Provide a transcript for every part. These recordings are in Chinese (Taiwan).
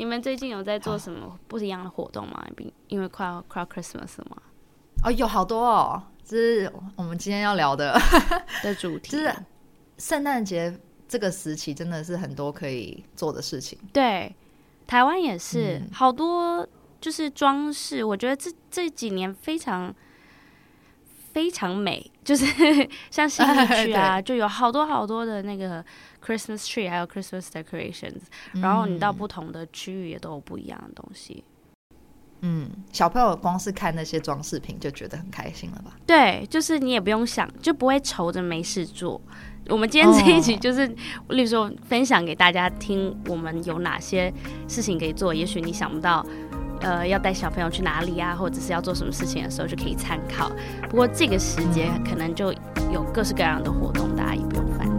你們最近有在做什麼不一樣的活動嗎？Oh. 因為快要快要 Christmas 了嗎？哦、oh，有好多哦，就是我們今天要聊的 的主題，就是聖誕節這個時期真的是很多可以做的事情。對，台灣也是、嗯、好多，就是裝飾，我覺得這這幾年非常非常美，就是 像新北區啊， 就有好多好多的那個。Christmas tree，還有 Christmas decorations，、嗯、然後你到不同的區域也都有不一樣的東西。嗯，小朋友光是看那些裝飾品就覺得很開心了吧？對，就是你也不用想，就不會愁着沒事做。我們今天這一集就是，哦、例如說分享給大家聽，我們有哪些事情可以做。也許你想不到，呃，要帶小朋友去哪裡啊，或者是要做什麼事情的時候就可以參考。不過這個時節可能就有各式各樣的活動，嗯、大家也不用煩。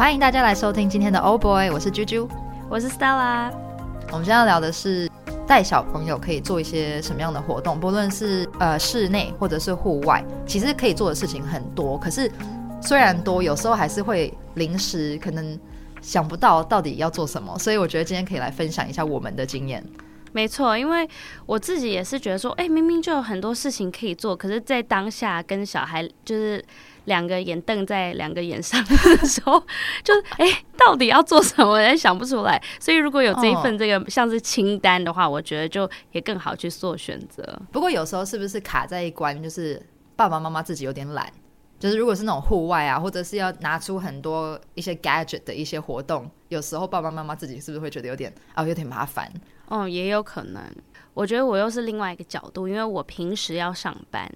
歡迎大家來收聽今天的 Oh Boy，我是啾啾，我是 Stella。我們今天要聊的是帶小朋友可以做一些什麼樣的活動，不論是呃室內或者是戶外，其實可以做的事情很多。可是雖然多，有時候還是會臨時可能想不到到底要做什麼，所以我覺得今天可以來分享一下我們的經驗。沒錯，因為我自己也是覺得說，哎，明明就有很多事情可以做，可是，在當下跟小孩就是。兩個眼瞪在兩個眼上的時候， 就哎、欸，到底要做什麼？也想不出來。所以如果有這一份這個像是清單的話，嗯、我覺得就也更好去做選擇。不過有時候是不是卡在一關，就是爸爸媽媽自己有點懶，就是如果是那種戶外啊，或者是要拿出很多一些 gadget 的一些活動，有時候爸爸媽媽自己是不是會覺得有點啊有點麻煩？哦、嗯，也有可能。我覺得我又是另外一個角度，因為我平時要上班。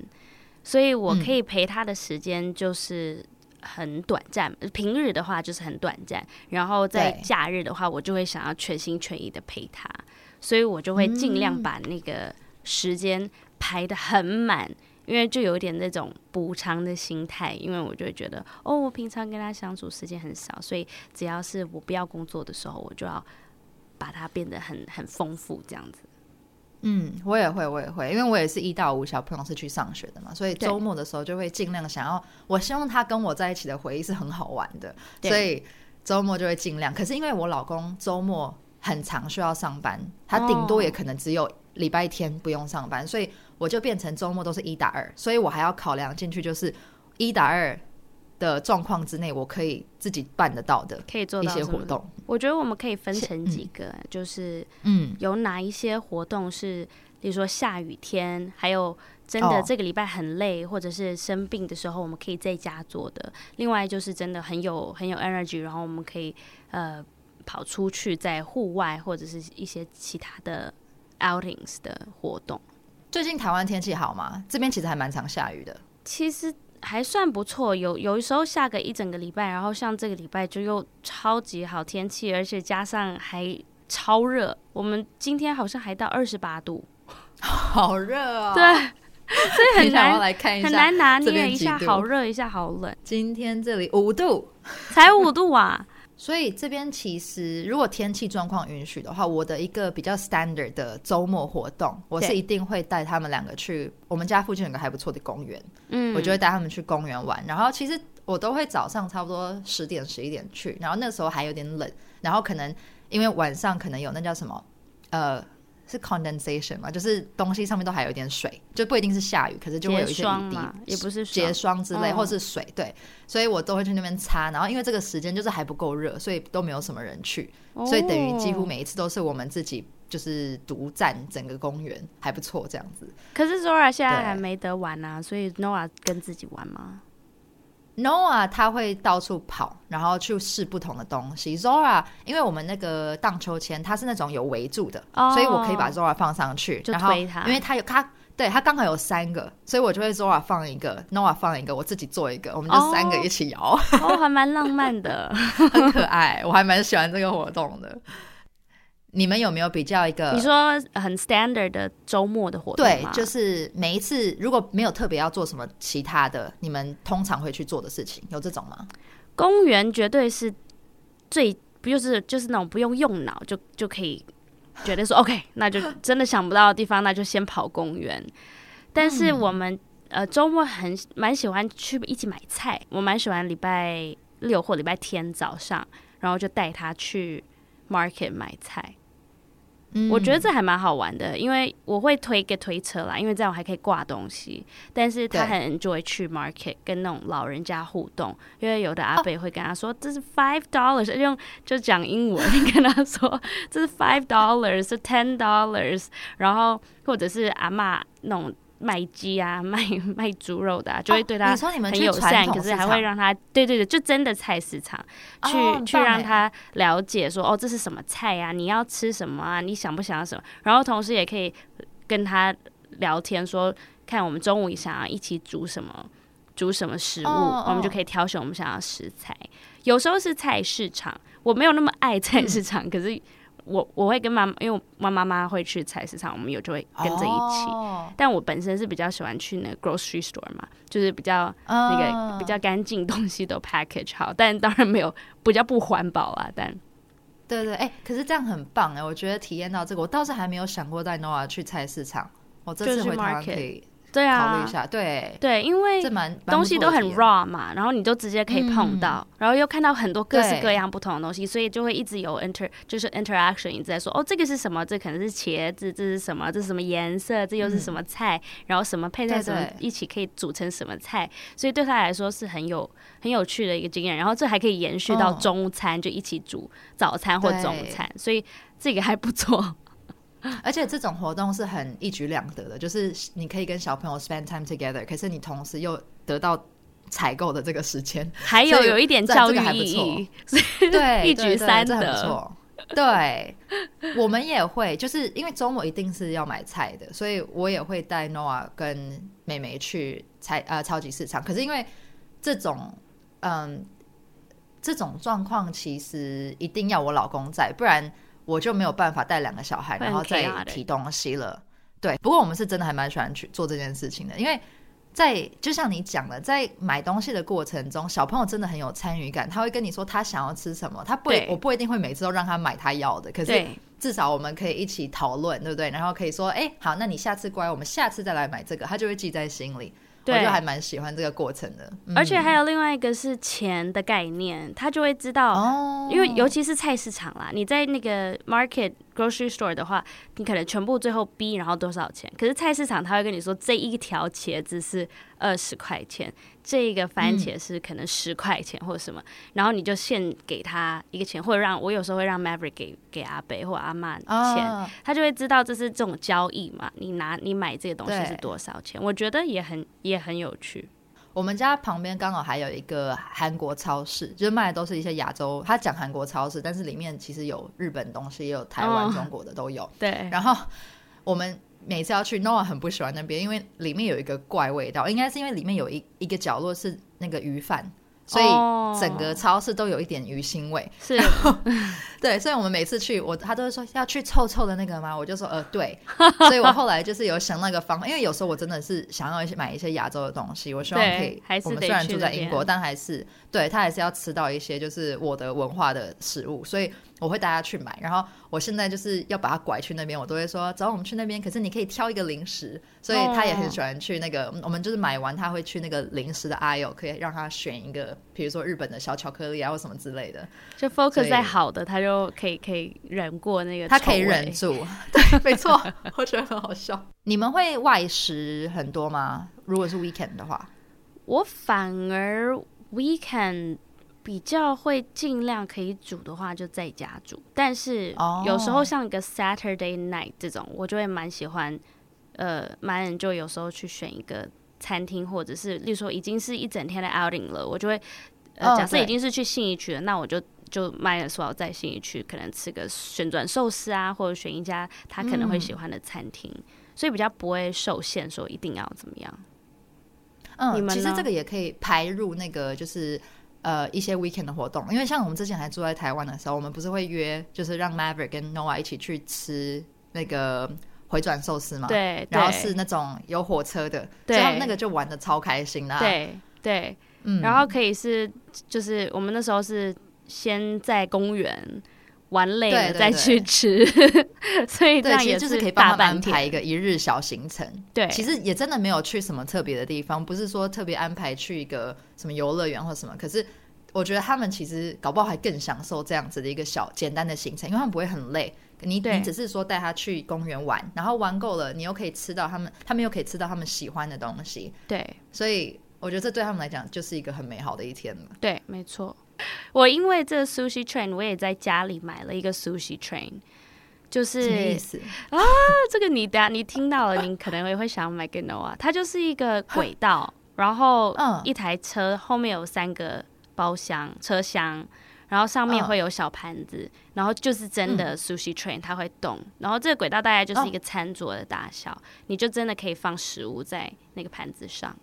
所以，我可以陪他的時間就是很短暫、嗯。平日的話就是很短暫，然後在假日的話，我就會想要全心全意的陪他，所以我就會盡量把那個時間排得很滿、嗯，因為就有點那種補償的心態，因為我就會覺得，哦，我平常跟他相處時間很少，所以只要是我不要工作的時候，我就要把它變得很很豐富，這樣子。嗯，我也會，我也會，因為我也是一到五小朋友是去上學的嘛，所以週末的時候就會盡量想要，我希望他跟我在一起的回憶是很好玩的，所以週末就會盡量。可是因為我老公週末很常需要上班，他頂多也可能只有禮拜天不用上班，哦、所以我就變成週末都是一打二，所以我還要考量進去，就是一打二的狀況之內，我可以自己辦得到的，可以做一些活動。我覺得我們可以分成幾個，是嗯、就是嗯，有哪一些活動是，比如說下雨天，還有真的這個禮拜很累，哦，或者是生病的時候，我們可以在家做的。另外就是真的很有很有 energy，然後我們可以呃跑出去在戶外或者是一些其他的 outings 的活動。最近台灣天氣好嗎？這邊其實還蠻常下雨的。其實。還算不錯，有有時候下個一整個禮拜，然後像這個禮拜就又超級好天氣，而且加上還超熱。我們今天好像還到二十八度，好熱啊、哦！對，所以很難來看一下，很難拿捏一下，好熱一下，好冷。今天這裡五度， 才五度啊！所以這邊其實，如果天氣狀況允許的話，我的一個比較 standard 的週末活動，我是一定會帶他們兩個去我們家附近有個還不錯的公園，嗯，我就會帶他們去公園玩。然後其實我都會早上差不多十點十一點去，然後那時候還有點冷，然後可能因為晚上可能有那叫什麼，呃。是 condensation 嘛，就是東西上面都還有點水，就不一定是下雨，可是就會有一些雨滴，也不是結霜之類，霜之類、哦，或是水，對，所以我都會去那邊擦。然後因為這個時間就是還不夠熱，所以都沒有什麼人去，哦、所以等於幾乎每一次都是我們自己就是獨占整個公園，還不錯這樣子。可是 Zora 現在還沒得玩啊，所以 Noah 跟自己玩嗎？Noah 他會到處跑，然後去試不同的東西。Zora，因為我們那個盪秋千，它是那種有圍住的，oh, 所以我可以把 Zora 放上去，就推他。然後因為它有它，對它剛好有三個，所以我就會 Zora 放一個，Noah 放一個，我自己做一個，我們就三個一起搖，哦、oh, oh，還蠻浪漫的， 很可愛，我還蠻喜歡這個活動的。你們有沒有比較一個你說很 standard 的週末的活動？對，就是每一次如果沒有特別要做什麼其他的，你們通常會去做的事情，有這種嗎？公園絕對是最不就是就是那種不用用腦就就可以，覺得說 OK，那就真的想不到的地方， 那就先跑公園。但是我們、嗯、呃週末很蠻喜歡去一起買菜，我蠻喜歡禮拜六或禮拜天早上，然後就帶他去 market 買菜。我覺得這還蠻好玩的，因為我會推個推車啦，因為這樣我還可以掛東西。但是他很 enjoy 去 market，跟那種老人家互動。因為有的阿伯會跟他說：“哦、這是 five dollars”，用就講英文 跟他說：“這是 five dollars，是 ten dollars。”然後或者是阿嬤那種。賣雞啊，賣賣豬肉的、啊，就會對他很友善、哦你你，可是還會讓他對對對，就真的菜市場、哦、去去讓他了解說哦，這是什麼菜呀、啊？你要吃什麼啊？你想不想要什麼？然後同時也可以跟他聊天說，說看我們中午想要一起煮什麼，煮什麼食物，我、哦、們、哦、就可以挑選我們想要食材。有時候是菜市場，我沒有那麼愛菜市場，嗯、可是。我我會跟媽媽，因為我媽媽媽會去菜市場，我們有就會跟着一起。Oh. 但我本身是比較喜歡去那個 grocery store 嘛，就是比較那個比較乾淨，東西都 package 好，uh. 但當然沒有比較不環保啊。但對，對對，哎、欸，可是這樣很棒哎、欸，我覺得體驗到這個，我倒是還沒有想過帶 Noah 去菜市場，我這次回台灣。可以。就是對啊，對對，因為東西都很 raw 嘛，啊、然後你就直接可以碰到、嗯，然後又看到很多各式各樣不同的東西，所以就會一直有 inter 就是 interaction，你在說哦，這個是什麼？這可能是茄子，這是什麼？這是什麼顏色？這又是什麼菜、嗯？然後什麼配菜對對對？什麼一起可以組成什麼菜？所以對他來說是很有很有趣的一個經驗。然後這還可以延續到中餐，嗯、就一起煮早餐或中餐，所以這個還不錯。而且這種活動是很一舉兩得的，就是你可以跟小朋友 spend time together，可是你同時又得到採購的這個時間，還有有一點教育，這個還不錯。對， 一舉三得，對對對，這還不錯。對， 我們也會，就是因為周末一定是要買菜的，所以我也會帶 Noah 跟妹妹去超呃超級市場。可是因為這種嗯這種狀況，其實一定要我老公在，不然。 我就沒有辦法帶兩個小孩，然後再提東西了。對，不過我們是真的還蠻喜歡去做這件事情的，因為在就像你講的，在買東西的過程中，小朋友真的很有參與感。他會跟你說他想要吃什麼，他不我不一定會每次都讓他買他要的，可是至少我們可以一起討論，對不對？然後可以說，哎，好，那你下次乖，我們下次再來買這個，他就會記在心裡。對，我就還蠻喜歡這個過程的，而且還有另外一個是錢的概念，嗯、他就會知道、oh，因為尤其是菜市場啦，你在那個 market grocery store 的話，你可能全部最後 b 然後多少錢，可是菜市場他會跟你說這一條茄子是二十塊錢。這個番茄是可能十塊錢或者什麼、嗯，然後你就先給他一個錢，或者讓我有時候會讓 Maverick 給給阿北或阿嬤錢、哦，他就會知道這是這種交易嘛。你拿你買這個東西是多少錢？我覺得也很也很有趣。我們家旁邊剛好還有一個韓國超市，就是賣的都是一些亞洲。他講韓國超市，但是裡面其實有日本東西，也有台灣、哦、中國的都有。對，然後我們。每次要去 Noah 很不喜歡那邊，因為裡面有一個怪味道，應該是因為裡面有一一個角落是那個魚飯，所以整個超市都有一點魚腥味。是、oh.， 對，所以我們每次去，我他都是說要去臭臭的那個嗎？我就說呃對，所以我後來就是有想那個方法， 因為有時候我真的是想要一些買一些亞洲的東西，我希望可以。還是得去。我們雖然住在英國，但還是對他還是要吃到一些就是我的文化的食物，所以。我會帶他去買，然後我現在就是要把它拐去那邊，我都會說：“走，我們去那邊。”可是你可以挑一個零食，所以他也很喜歡去那個。哦、我們就是買完，他會去那個零食的 IO 可以讓他選一個，比如說日本的小巧克力啊，或什麼之類的。就 focus 在好的，他就可以可以忍過那個，他可以忍住。對，沒錯， 我覺得很好笑。 你們會外食很多嗎？如果是 weekend 的話，我反而 weekend，比較會盡量可以煮的話就在家煮，但是有時候像一個 Saturday night 這種，oh. 我就會蠻喜歡，呃，might as well 就有時候去選一個餐廳，或者是例如說已經是一整天的 outing 了，我就會，呃、oh, 假設已經是去信義區了，那我就就 might as well 我在信義區可能吃個旋轉壽司啊，或者選一家他可能會喜歡的餐廳、嗯，所以比較不會受限說一定要怎麼樣。嗯，你們其實這個也可以排入那個就是。呃，一些 weekend 的活動，因為像我們之前還住在台灣的時候，我們不是會約，就是讓 Maverick 跟 Noah 一起去吃那個迴轉壽司嘛，對，然後是那種有火車的，對，他們那個就玩的超開心啦，啊。對對，嗯，然後可以是，就是我們那時候是先在公園。玩累了再去吃對對對， 所以這樣也是大半天，對，就是可以幫他安排一個一日小行程。對，其實也真的沒有去什麼特別的地方，不是說特別安排去一個什麼遊樂園或者什麼。可是我覺得他們其實搞不好還更享受這樣子的一個小簡單的行程，因為他們不會很累。你你只是說帶他去公園玩，然後玩夠了，你又可以吃到他們，他們又可以吃到他們喜歡的東西。對，所以我覺得這對他們來講就是一個很美好的一天了。對，沒錯。我因為這個 sushi train，我也在家裡買了一個 sushi train，就是什麼意思啊？這個你打你聽到了，你可能也會想買給 Noah 它就是一個軌道，然後一台車後面有三個包廂車廂，然後上面會有小盤子，然後就是真的 sushi train，它會動。然後這個軌道大概就是一個餐桌的大小，你就真的可以放食物在那個盤子上。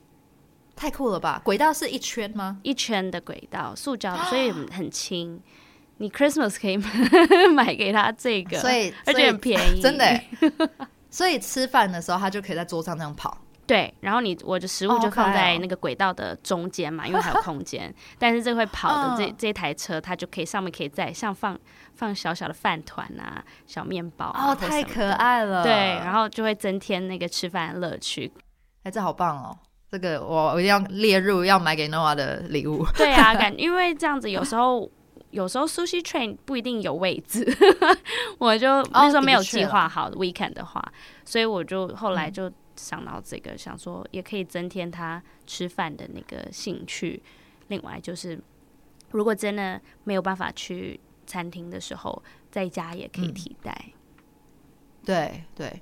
太酷了吧！軌道是一圈嗎？一圈的軌道，塑膠的，所以很輕、啊。你 Christmas 可以 買給他這個，所以而且很便宜，真的。 所以吃飯的時候，他就可以在桌上這樣跑。對，然後你我的食物就放在那個軌道的中間嘛、哦，因為還有空間、哦。但是這會跑的這、哦、這台車，它就可以上面可以在像放放小小的飯糰啊、小麵包、啊、哦，太可愛了。對，然後就會增添那個吃飯的樂趣。哎、欸，這好棒哦！這個我一定要列入要買給 Noah 的禮物。對啊，感因為這樣子有時候 有時候 sushi train 不一定有位置， 我就、oh, 那時候沒有計劃好 weekend 的話的，所以我就後來就想到這個，嗯、想說也可以增添他吃飯的那個興趣。另外就是，如果真的沒有辦法去餐廳的時候，在家也可以替代。對、嗯、對。對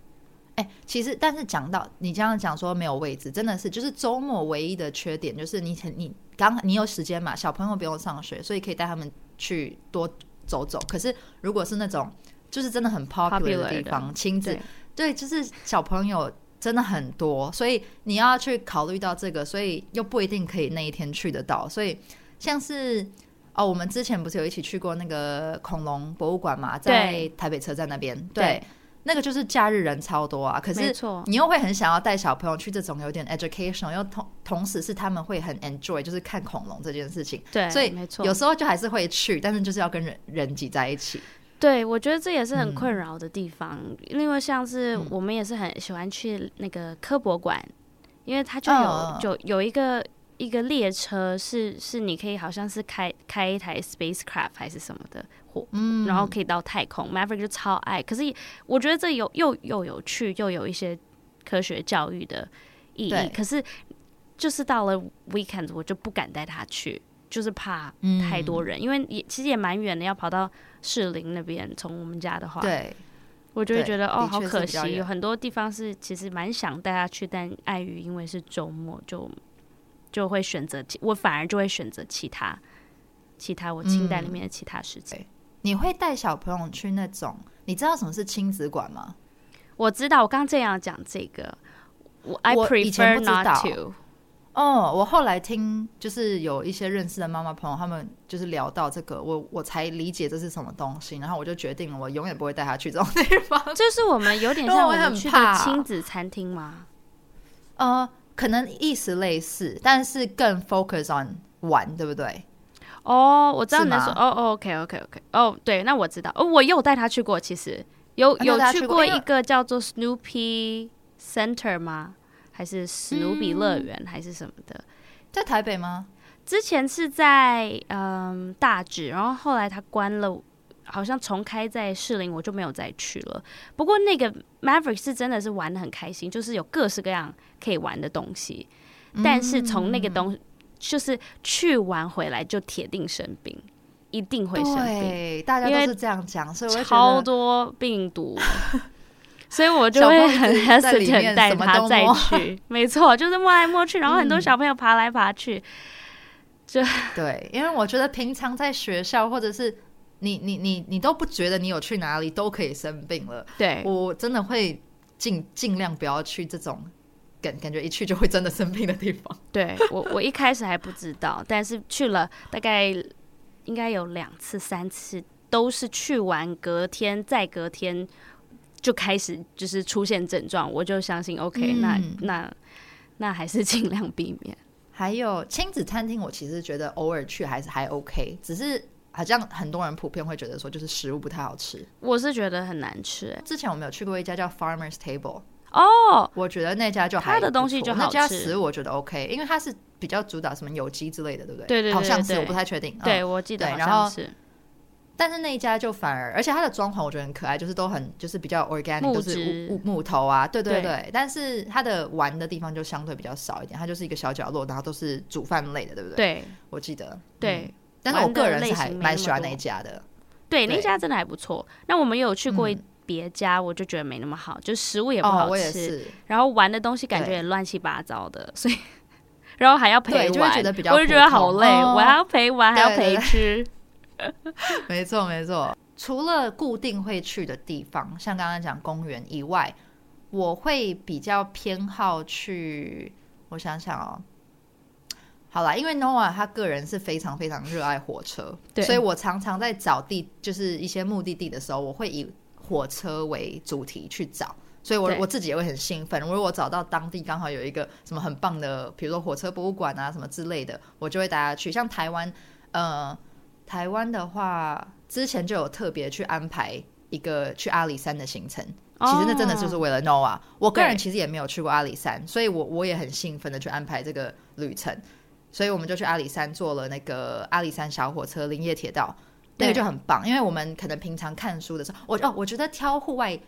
哎、欸，其實，但是講到你這樣講說沒有位置，真的是，就是周末唯一的缺點就是你很你剛你有時間嘛，小朋友不用上學，所以可以帶他們去多走走。可是如果是那種就是真的很 popular 的地方，親子對，對，就是小朋友真的很多，所以你要去考慮到這個，所以又不一定可以那一天去得到。所以像是哦，我們之前不是有一起去過那個恐龍博物館嘛，在台北車站那邊，對。對那個就是假日人超多啊，可是你又會很想要帶小朋友去這種有點 educational，又同同時是他們會很 enjoy，就是看恐龍這件事情。對，所以沒錯，有時候就還是會去，但是就是要跟人人擠在一起。對，我覺得這也是很困擾的地方、嗯。因為像是我們也是很喜歡去那個科博館，因為他就有、嗯、就有一個。一個列車是是你可以好像是開開一台 spacecraft 還是什麼的貨、嗯，然後可以到太空。Maverick 就超愛，可是我覺得這有又又有趣，又有一些科學教育的意義。可是就是到了 weekends 我就不敢帶他去，就是怕太多人，嗯、因為也其實也蠻遠的，要跑到士林那邊。從我們家的話，對我就會覺得哦，好可惜，有很多地方是其實蠻想帶他去，但礙於因為是周末就。就會選擇我，反而就會選擇其他，其他我清單裡面的其他事情。嗯、你會帶小朋友去那種？你知道什麼是親子館嗎？我知道，我剛這樣講這個。I 我我以前不知道。哦，我後來聽，就是有一些認識的媽媽朋友，他們就是聊到這個，我我才理解這是什麼東西。然後我就決定，我永遠不會帶他去這種地方。就是我們有點像我們去的親子餐廳嗎？呃。可能意思類似，但是更 focus on 玩，對不對？哦、oh,，我知道你說，哦哦、oh, oh,，OK OK OK，哦、oh,，對，那我知道，哦、oh,，我也有帶他去過，其實有去有去過一個、哎、叫做 Snoopy Center 嗎？還是史努比樂園還是什麼的？在台北嗎？之前是在嗯大直，然後後來他關了。好像重開在士林，我就沒有再去了。不過那個 Maverick 是真的是玩的很開心，就是有各式各樣可以玩的東西。嗯、但是從那個東西、嗯，就是去玩回來就鐵定生病，一定會生病。對，大家都是這樣講，所以我會超多病毒， 所以我就會很 hesitant 帶 他再去。沒錯，就是摸來摸去，然後很多小朋友爬來爬去。嗯、就對，因為我覺得平常在學校或者是。你你你你都不覺得你有去哪裡都可以生病了？對，我真的會盡盡量不要去這種感感覺一去就會真的生病的地方。對，我我一開始還不知道， 但是去了大概應該有兩次三次，都是去完隔天再隔天就開始就是出現症狀，我就相信 OK，嗯，那那那還是盡量避免。還有親子餐廳，我其實覺得偶爾去還是還 OK，只是。好像很多人普遍會覺得說，就是食物不太好吃。我是覺得很難吃，欸。之前我們有去過一家叫 Farmers Table。哦，我覺得那家就他的東西就好吃。那家食物我覺得 OK，因為它是比較主打什麼有機之類的，對不對？對對對，對。好像是我不太確定對，哦。對，我記得然後好像是。但是那一家就反而，而且它的裝潢我覺得很可愛，就是都很就是比較 organic，都，就是木木木頭啊，對對對，對。但是它的玩的地方就相對比較少一點，它就是一個小角落，然後都是煮飯類的，對不對？對，我記得、嗯、對。但是我個人是還蠻喜歡那一家的，的那對那一家真的還不錯。那我們有去過別家，嗯，我就覺得沒那麼好，就食物也不好吃，哦，然後玩的東西感覺也亂七八糟的，欸，所以然後還要陪玩，我就覺得比較酷酷，我就覺得好累，哦，我還要陪玩還要陪吃。對對對， 沒錯沒錯，除了固定會去的地方，像剛剛講公園以外，我會比較偏好去，我想想哦。好啦，因為 Noah 他個人是非常非常熱愛火車對，所以我常常在找地，就是一些目的地的時候，我會以火車為主題去找，所以我我自己也會很興奮。我如果找到當地剛好有一個什麼很棒的，比如說火車博物館啊什麼之類的，我就會帶他去。像台灣，呃，台灣的話，之前就有特別去安排一個去阿里山的行程，其實那真的就是為了 Noah、oh。我個人其實也沒有去過阿里山，所以我我也很興奮的去安排這個旅程。所以我們就去阿里山坐了那個阿里山小火車林業鐵道，那個就很棒。因為我們可能平常看書的時候，我哦，我覺得挑戶外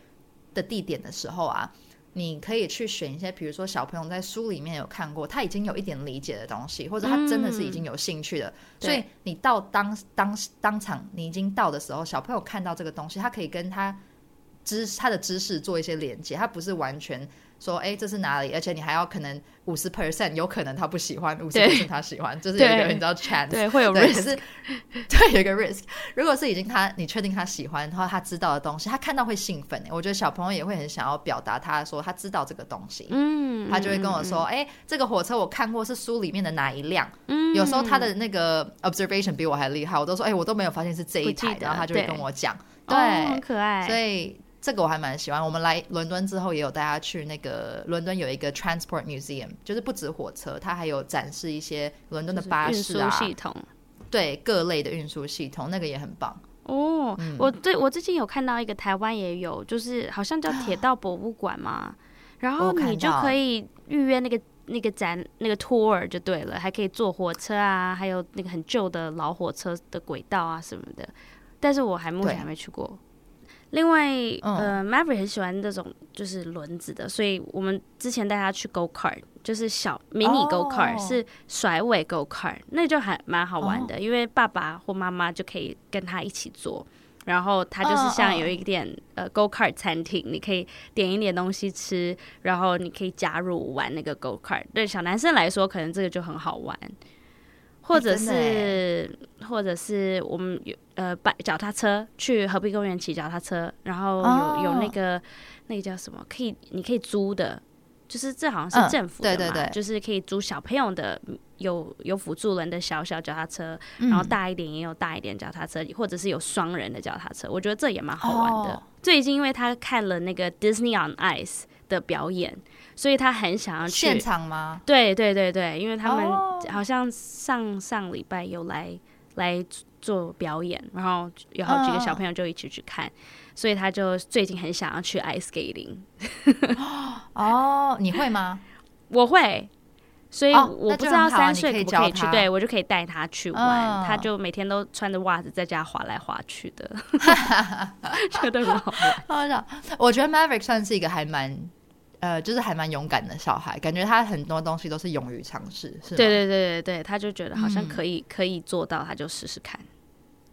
的地點的時候啊，你可以去選一些，比如說小朋友在書裡面有看過，他已經有一點理解的東西，或者他真的是已經有興趣的。嗯。所以你到當當當場你已經到的時候，小朋友看到這個東西，他可以跟他知他的知識做一些連接，他不是完全說，哎、欸，這是哪裡？而且你還要可能五十 percent，有可能他不喜歡，五十 percent 他喜歡，對，就是有一個你知道 chance，對，對，會有 risk，對，對，有一個 risk。 如果是已經他你確定他喜歡，然後他知道的東西，他看到會興奮。我覺得小朋友也會很想要表達，他說他知道這個東西，嗯，他就會跟我說，哎、嗯欸，這個火車我看過是書裡面的哪一輛？嗯，有時候他的那個 observation 比我還厲害，我都說，哎、欸，我都沒有發現是這一台，然後他就會跟我講，對，很、oh, 可愛，所以。這個我還蠻喜歡。我們來倫敦之後，也有帶他去那個倫敦有一個 Transport Museum，就是不止火車，它還有展示一些倫敦的巴士啊、就是、運輸系統，對各類的運輸系統，那個也很棒哦、嗯。我對我最近有看到一個台灣也有，就是好像叫鐵道博物館嘛， 然後你就可以預約那個那個展那個 tour 就對了，還可以坐火車啊，還有那個很舊的老火車的軌道啊什麼的，但是我還目前還沒去過。另外，呃、oh.，Maverick 很喜歡這種就是輪子的，所以我們之前帶他去 Go Kart，就是小迷你 Go Kart、oh. 是甩尾 Go Kart，那就還蠻好玩的，oh. 因為爸爸或媽媽就可以跟他一起坐，然後他就是像有一點、oh. 呃 Go Kart 餐廳，你可以點一點東西吃，然後你可以加入玩那個 Go Kart，對小男生來說可能這個就很好玩。或者是、欸欸，或者是我們有呃，擺腳踏車去河濱公園騎腳踏車，然後有、哦、有那個那個叫什麼，可以你可以租的，就是這好像是政府的嘛，嗯、對對對，就是可以租小朋友的有有輔助輪的小小腳踏車，然後大一點也有大一點腳踏車、嗯，或者是有雙人的腳踏車，我覺得這也蠻好玩的。哦最近因為他看了那個 Disney on Ice 的表演，所以他很想要去現場嗎？對對對對，因為他們好像上、oh. 上禮拜有來來做表演，然後有好幾個小朋友就一起去看，oh. 所以他就最近很想要去 ice skating。哦 ，oh，你會嗎？我會。所以、oh, 我不知道三歲可不可以去，哦、可可以對，我就可以帶他去玩。哦，他就每天都穿着襪子在家滑來滑去的，覺得很好。我覺得 Maverick 算是一個還蠻呃，就是還蠻勇敢的小孩，感覺他很多東西都是勇於嘗試。是，對對對對，他就覺得好像可以、嗯、可以做到，他就試試看。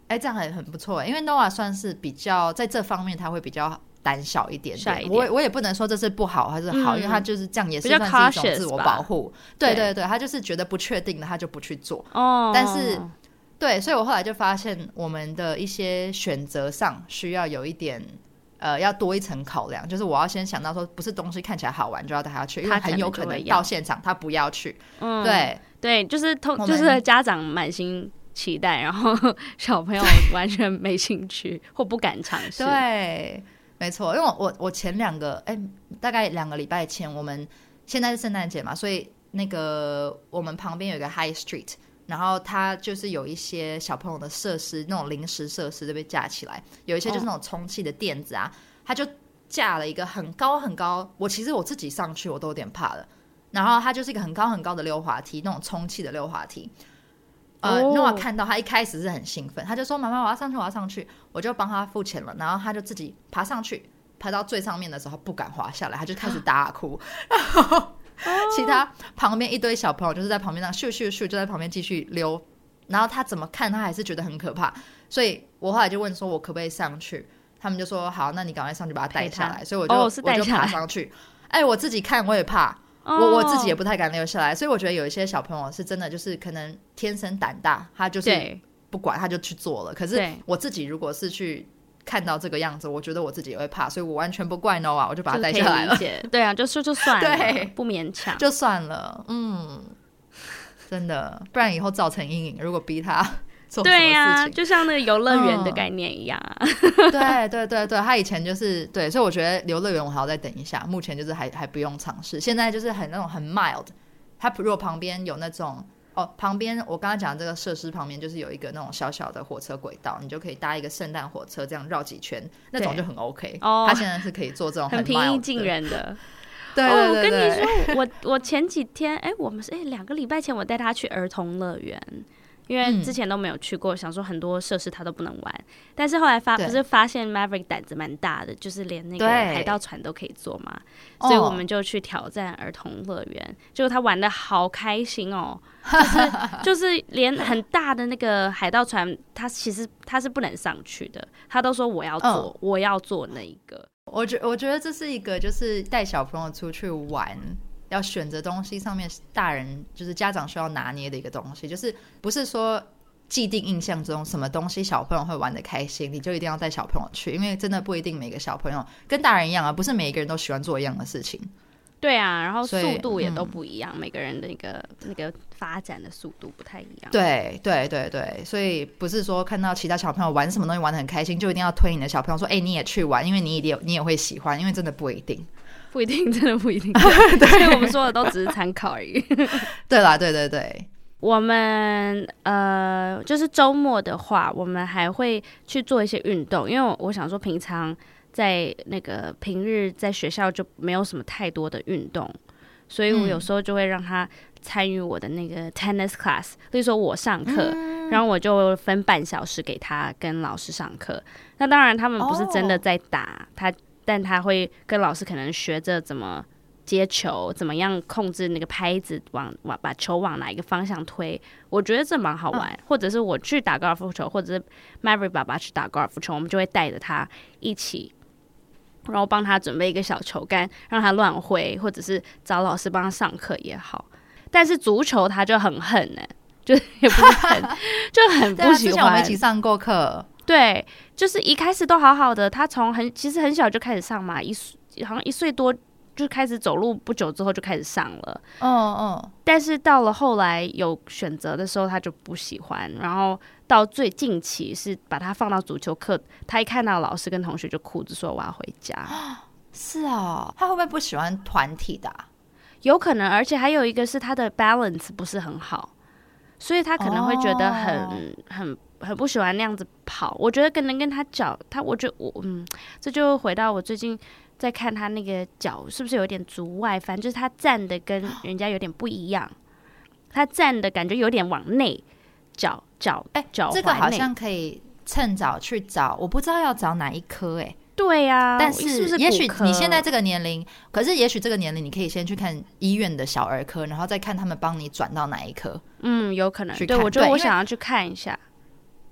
哎、欸，這樣還很不錯，因為 Noah 算是比較在這方面他會比較。膽小一點,點一點，我我也不能說這是不好還是好，嗯、因為他就是這樣，也是算是一種自我保護。對對對，對，他就是覺得不確定的，他就不去做。哦，但是對，所以我後來就發現，我們的一些選擇上需要有一點呃，要多一層考量，就是我要先想到說，不是東西看起來好玩就要帶他去，他因為很有可能到現場他不要去。嗯，對對，就是通就是家長滿心期待，然後小朋友完全沒興趣 或不敢嘗試。對。沒錯，因為我我前兩個、欸、大概兩個禮拜前，我們現在是聖誕節嘛，所以那個我們旁邊有一個 High Street，然後它就是有一些小朋友的設施，那種臨時設施就被架起來，有一些就是那種充氣的墊子啊、哦，它就架了一個很高很高，我其實我自己上去我都有點怕了，然後它就是一個很高很高的溜滑梯，那種充氣的溜滑梯。呃，諾、oh. 瓦看到他一開始是很興奮，他就說：“媽媽，我要上去，我要上去！”我就幫他付錢了，然後他就自己爬上去，爬到最上面的時候不敢滑下來，他就開始大哭、啊。然後、oh. 其他旁邊一堆小朋友就是在旁邊那咻咻咻就在旁邊繼續溜，然後他怎麼看他還是覺得很可怕，所以我後來就問說：“我可不可以上去？”他們就說：“好，那你趕快上去把他帶下來。”所以我就、oh, 我就爬上去，哎、欸，我自己看我也怕。Oh. 我我自己也不太敢留下來，所以我覺得有一些小朋友是真的，就是可能天生膽大，他就是不管，他就去做了。可是我自己如果是去看到這個樣子，我覺得我自己也會怕，所以我完全不怪 Noah，我就把他帶下來了。就是、對啊，就說就算了 對，不勉強就算了。嗯，真的，不然以後造成陰影。如果逼他。對呀、啊，就像那個遊樂園的概念一樣、哦。對對對對，他以前就是對，所以我覺得遊樂園我還要再等一下，目前就是還還不用嘗試。現在就是很那種很 mild，他如果旁邊有那種哦，旁邊我剛剛講的這個設施旁邊就是有一個那種小小的火車軌道，你就可以搭一個聖誕火車這樣繞幾圈，那種就很 OK、哦。他現在是可以坐這種很、很平易近人的。 對，對，對，對、哦，我跟你說， 我我前幾天哎，我們是哎兩個禮拜前我帶他去兒童樂園。因為之前都沒有去過，嗯、想說很多設施他都不能玩，但是後來發不是發現 Maverick 膽子蠻大的，就是連那個海盜船都可以坐嘛，所以我們就去挑戰兒童樂園、哦，結果他玩得好開心哦，就是 就是連很大的那個海盜船，他其實他是不能上去的，他都說我要坐，哦、我要坐那一個，我覺我覺得這是一個就是帶小朋友出去玩要選擇東西上面，大人就是家長需要拿捏的一個東西，就是不是說既定印象中什麼東西小朋友會玩得開心，你就一定要帶小朋友去，因為真的不一定每個小朋友跟大人一樣啊，不是每一個人都喜歡做一樣的事情。對啊，然後速度也都不一樣，嗯、每個人的一、那個那個發展的速度不太一樣。對對對對，所以不是說看到其他小朋友玩什麼東西玩得很開心，就一定要推你的小朋友說，哎，你也去玩，因為你一定你也會喜歡，因為真的不一定。不一定，真的不一定。啊、對 所以我們說的都只是參考而已 。對啦，對對對。 我們呃，就是周末的話，我們還會去做一些運動，因為我想說，平常在那個平日在學校就沒有什麼太多的運動，所以我有時候就會讓他參與我的那個 tennis class，就、嗯、是說我上課、嗯，然後我就分半小時給他跟老師上課。那當然，他們不是真的在打他。哦但他會跟老師可能學着怎麼接球，怎麼樣控制那個拍子，往往把球往哪一個方向推。我覺得這蠻好玩。嗯、或者是我去打高爾夫球，或者是 Mary 爸爸去打高爾夫球，我們就會帶着他一起，然後幫他準備一個小球桿，讓他亂揮，或者是找老師幫他上課也好。但是足球他就很恨呢、欸，就也不恨， 就很不喜歡。 啊、之前我們一起上過課。對，就是一開始都好好的，他從很其實很小就開始上嘛，一好像一歲多就開始走路，不久之後就開始上了。哦哦。但是到了後來有選擇的時候，他就不喜歡。然後到最近期是把他放到足球課，他一看到老師跟同學就哭着說我要回家。是哦。他會不會不喜歡團體的、啊？有可能，而且還有一個是他的 balance 不是很好，所以他可能會覺得很、哦、很。很不喜歡那樣子跑，我覺得可能跟他腳，他，我就我嗯，這就回到我最近在看他那個腳是不是有點足外翻，就是他站的跟人家有點不一樣，他站的感覺有點往內腳腳哎，腳，這個好像可以趁早去找，我不知道要找哪一科哎、欸，對呀、啊，但是也許你現在這個年齡，可是也許這個年齡你可以先去看醫院的小兒科，然後再看他們幫你轉到哪一科，嗯，有可能，對我覺得對我想要去看一下。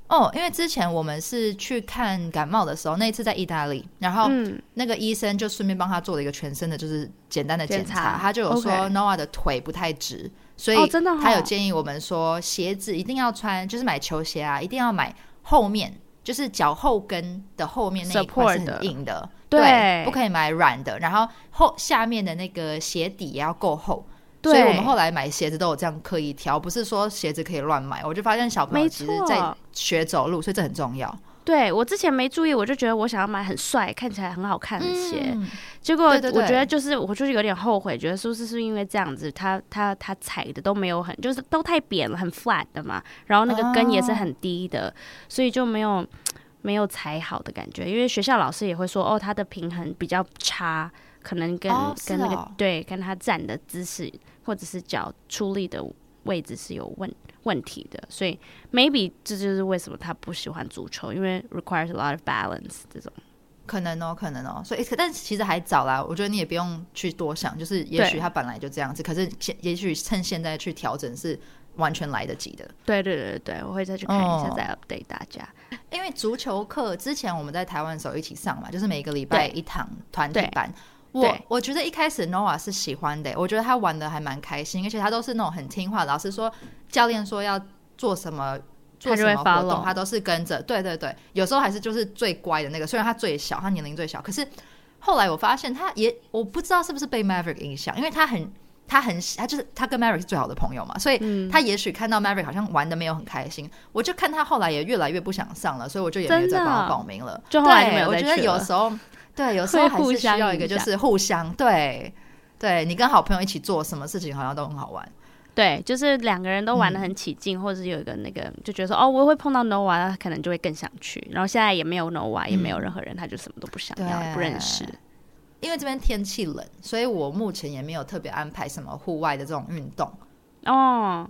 哦、oh，因為之前我們是去看感冒的時候，那一次在意大利，然後那個醫生就順便幫他做了一個全身的，就是簡單的檢查，嗯，他就有說 Noah 的腿不太直，嗯，所以他有建議我們說鞋子一定要穿，就是買球鞋啊，一定要買後面，就是腳後跟的後面那一塊是很硬的，對，對，不可以買軟的，然後後下面的那個鞋底也要夠厚。所以我們後來買鞋子都有這樣刻意挑，不是說鞋子可以亂買。我就發現小朋友其實在學走路，所以這很重要。對，我之前沒注意，我就覺得我想要買很帥、看起來很好看的鞋。嗯、結果對對對，我覺得就是，我就有點後悔，覺得是不是是因為這樣子他，他他他踩的都沒有很，就是都太扁了，很 flat 的嘛。然後那個跟也是很低的，啊、所以就沒有沒有踩好的感覺。因為學校老師也會說，哦，他的平衡比較差。可能跟、哦、跟那個、哦、對跟他站的姿勢或者是腳出力的位置是有問問題的，所以 maybe 這就是為什麼他不喜歡足球，因為 requires a lot of balance 這種可能哦，可能哦，所以但其實還早啦，我覺得你也不用去多想，就是也許他本來就這樣子，可是也許趁現在去調整是完全來得及的。對對對對，我會再去看一下、哦、再 update 大家，因為足球課之前我們在台灣的時候一起上嘛，就是每個禮拜一堂團體班。我對，我覺得一開始 Noah 是喜歡的、欸，我覺得他玩的還蠻開心，而且他都是那種很聽話的，老實說教練說要做什麼做什麼活動，他，就會發他都是跟着。對對對，有時候還是就是最乖的那個，雖然他最小，他年齡最小，可是後來我發現他也我不知道是不是被 Maverick 影響，因為他很他很他就是他跟 Maverick 是最好的朋友嘛，所以他也許看到 Maverick 好像玩的沒有很開心、嗯，我就看他後來也越來越不想上了，所以我就也沒再幫他報名了。啊、就後來就沒有再去了，對，我覺得有時候。對，有時候還是需要一個，就是互相，互相，對，對你跟好朋友一起做什麼事情，好像都很好玩。對，就是兩個人都玩得很起勁，嗯，或者有一個那個，就覺得說哦，我會碰到 Nova，他可能就會更想去。然後現在也沒有 Nova，也沒有任何人，嗯，他就什麼都不想要，對，不認識。因為這邊天氣冷，所以我目前也沒有特別安排什麼戶外的這種運動。哦。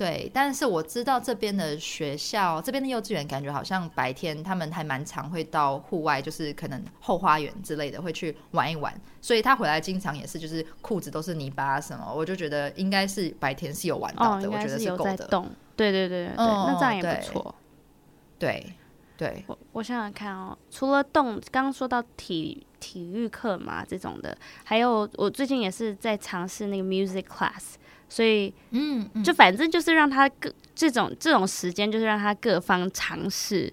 對，但是我知道這邊的學校，這邊的幼稚園，感覺好像白天他們還蠻常會到戶外，就是可能後花園之類的會去玩一玩，所以他回來經常也是，就是褲子都是泥巴什麼，我就覺得應該是白天是有玩到的，哦、我覺得是夠的。動。對對對對對、嗯，那這樣也不錯。對，對，我我想想看哦，除了動，剛剛說到體體育課嘛，這種的，還有我最近也是在嘗試那個 music class。所以，嗯，就反正就是讓他各這種這種時間，就是讓他各方嘗試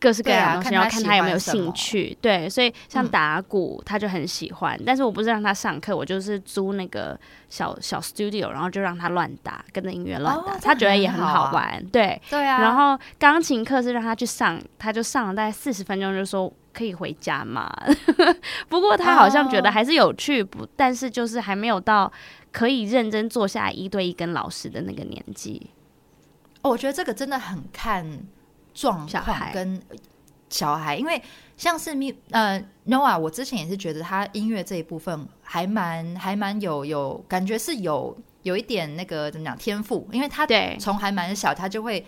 各式各樣的東西，然後看他有沒有興趣。對，所以像打鼓，他就很喜歡。但是我不是讓他上課，我就是租那個小小 studio，然後就讓他亂打，跟着音樂亂打，他覺得也很好玩。對，對啊。然後鋼琴課是讓他去上，他就上了大概四十分鐘，就說。可以回家嘛？ 不過他好像覺得還是有趣，不、oh,，但是就是還沒有到可以認真做下一對一跟老師的那個年紀。Oh, 我覺得這個真的很看狀況跟小孩,小孩，因為像是咪呃 Noah 我之前也是覺得他音樂這一部分還蠻還蠻有有，感覺是有有一點那個怎麼講天賦，因為他對從還蠻小他就會。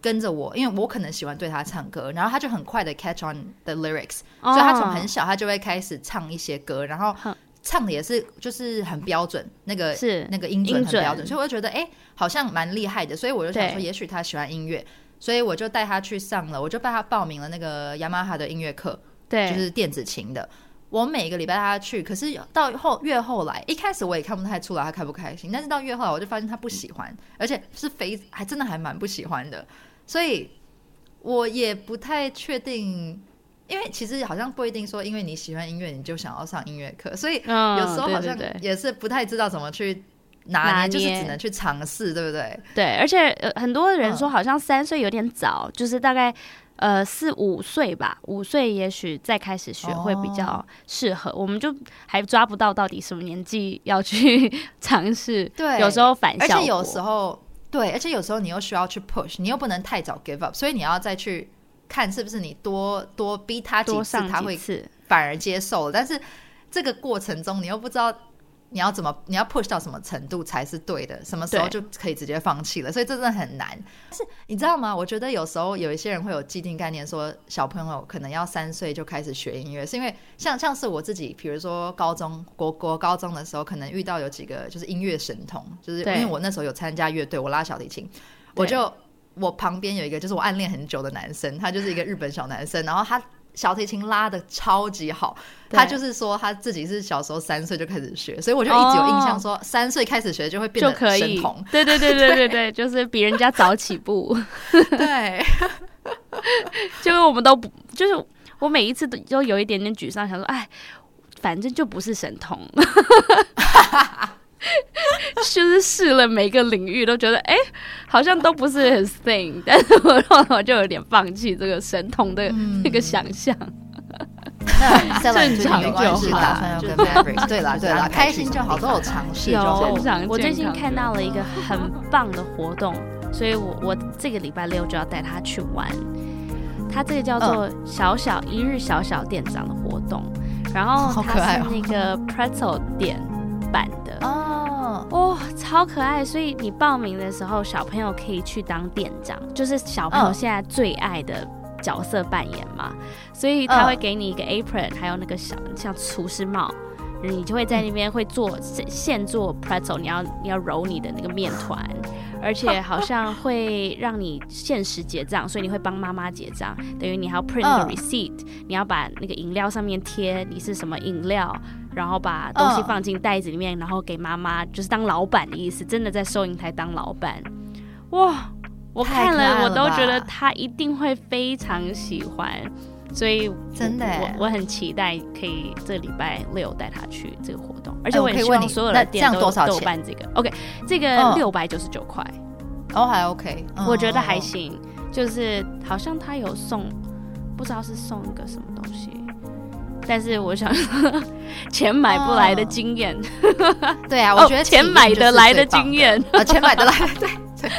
跟着我，因為我可能喜歡對他唱歌，然後他就很快的 catch on the lyrics，oh，所以他從很小他就會開始唱一些歌，然後唱的也是就是很標準，那個是那個音準很標準，準所以我就覺得哎、欸，好像蠻厲害的，所以我就想說，也許他喜歡音樂，所以我就帶他去上了，我就帶他報名了那個 Yamaha 的音樂課，對，就是電子琴的。我每個禮拜他去，可是到後越後來，一開始我也看不太出來他開不開心，但是到越後來，我就發現他不喜歡，而且是非還真的還蠻不喜歡的。所以，我也不太確定，因為其實好像不一定說，因為你喜歡音樂，你就想要上音樂課。所以有時候好像也是不太知道怎麼去拿捏、嗯、對對對，就是只能去嘗試，對不對？對。而且、呃、很多人說，好像三歲有點早，嗯、就是大概呃四五歲吧，五歲也許再開始學會比較適合。哦、我們就還抓不到到底什麼年紀要去嘗試。對。有時候反而是有時候。對，而且有時候你又需要去 push，你又不能太早 give up，所以你要再去看是不是你多多逼他幾次，他會反而接受了。但是這個過程中，你又不知道。你要怎麼？你要 push 到什麼程度才是對的？什麼時候就可以直接放棄了？所以這真的很難。但是你知道嗎？我覺得有時候有一些人會有既定概念，說小朋友可能要三歲就開始學音樂，是因為像像是我自己，比如說高中國國高中的時候，可能遇到有幾個就是音樂神童，就是因為我那時候有參加樂隊，我拉小提琴，我就我旁邊有一個就是我暗戀很久的男生，他就是一個日本小男生， 然後他。小提琴拉得超級好，他就是說他自己是小時候三歲就開始學，所以我就一直有印象說三歲開始學就會變得神童。可以 對對對對對對，對，對，就是比人家早起步。 對， 就是我們都不，就是我每一次都都有一點點沮喪，想說哎，反正就不是神童。 就是試了每個領域，都覺得哎、欸，好像都不是很 thing，但是我後來我就有點放棄這個神童的這個想象、嗯 啊。正常、啊正常啊、就是打算要好，對對對，對啦對啦， 開心就好，都有嘗試。我最近看到了一個很棒的活動，所以我我這個禮拜六就要帶他去玩。他這個叫做“小小一日小小店長”的活動，然後他是那個 pretzel 店版的。哦，哦，超可愛！所以你報名的時候，小朋友可以去當店長，就是小朋友現在最愛的角色扮演嘛。所以他會給你一個 apron，還有那個小像廚師帽，你就會在那邊會做現做 pretzel，你要你要揉你的那個麵團，而且好像會讓你限時結賬，所以你會幫媽媽結賬，等於你還要 print 你個 receipt，、oh. 你要把那個飲料上面貼你是什麼飲料。然後把東西放進袋子裡面，嗯、然後給媽媽，就是當老板的意思，真的在收銀台當老板。哇，我看了我都覺得他一定會非常喜歡，所以真的，我我很期待可以這禮拜六帶他去這個活動，而且我也希望所有的店都,、哎、我可以問你，那這多少錢都辦這個。OK，這個六百九十九塊，哦、嗯、還、oh, OK，、uh-oh. 我覺得還行，就是好像他有送，不知道是送一個什麼東西。但是我想說，錢買不來的經驗、啊， 對啊，我覺得錢買得來的經驗，啊，錢買得來，對，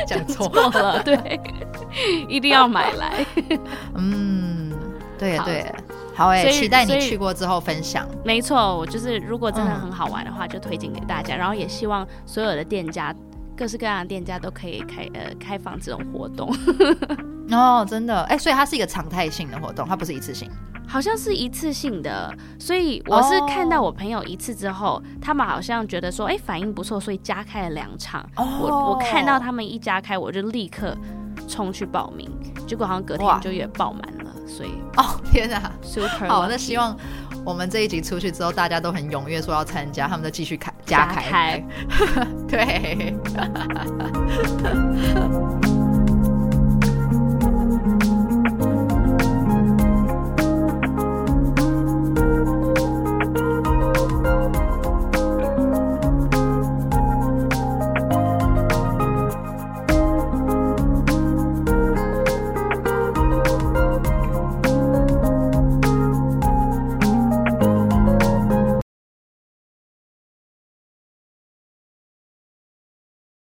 講錯了， 對， 一定要買來。嗯，對對，好誒、欸，期待你去過之後分享。沒錯，我就是如果真的很好玩的話，就推薦給大家，嗯。然後也希望所有的店家，各式各樣的店家都可以開呃開放這種活動。 哦，真的，哎、欸，所以它是一個常態性的活動，它不是一次性。好像是一次性的，所以我是看到我朋友一次之後，oh. 他們好像覺得說，哎、欸，反應不錯，所以加開了兩場。Oh. 我我看到他們一加開，我就立刻衝去報名，結果好像隔天就也爆滿了，wow. 所以哦、oh, 天哪，super 好、oh, 那希望我們這一集出去之後，大家都很踴躍說要參加，他們就繼續開加開，加開 對。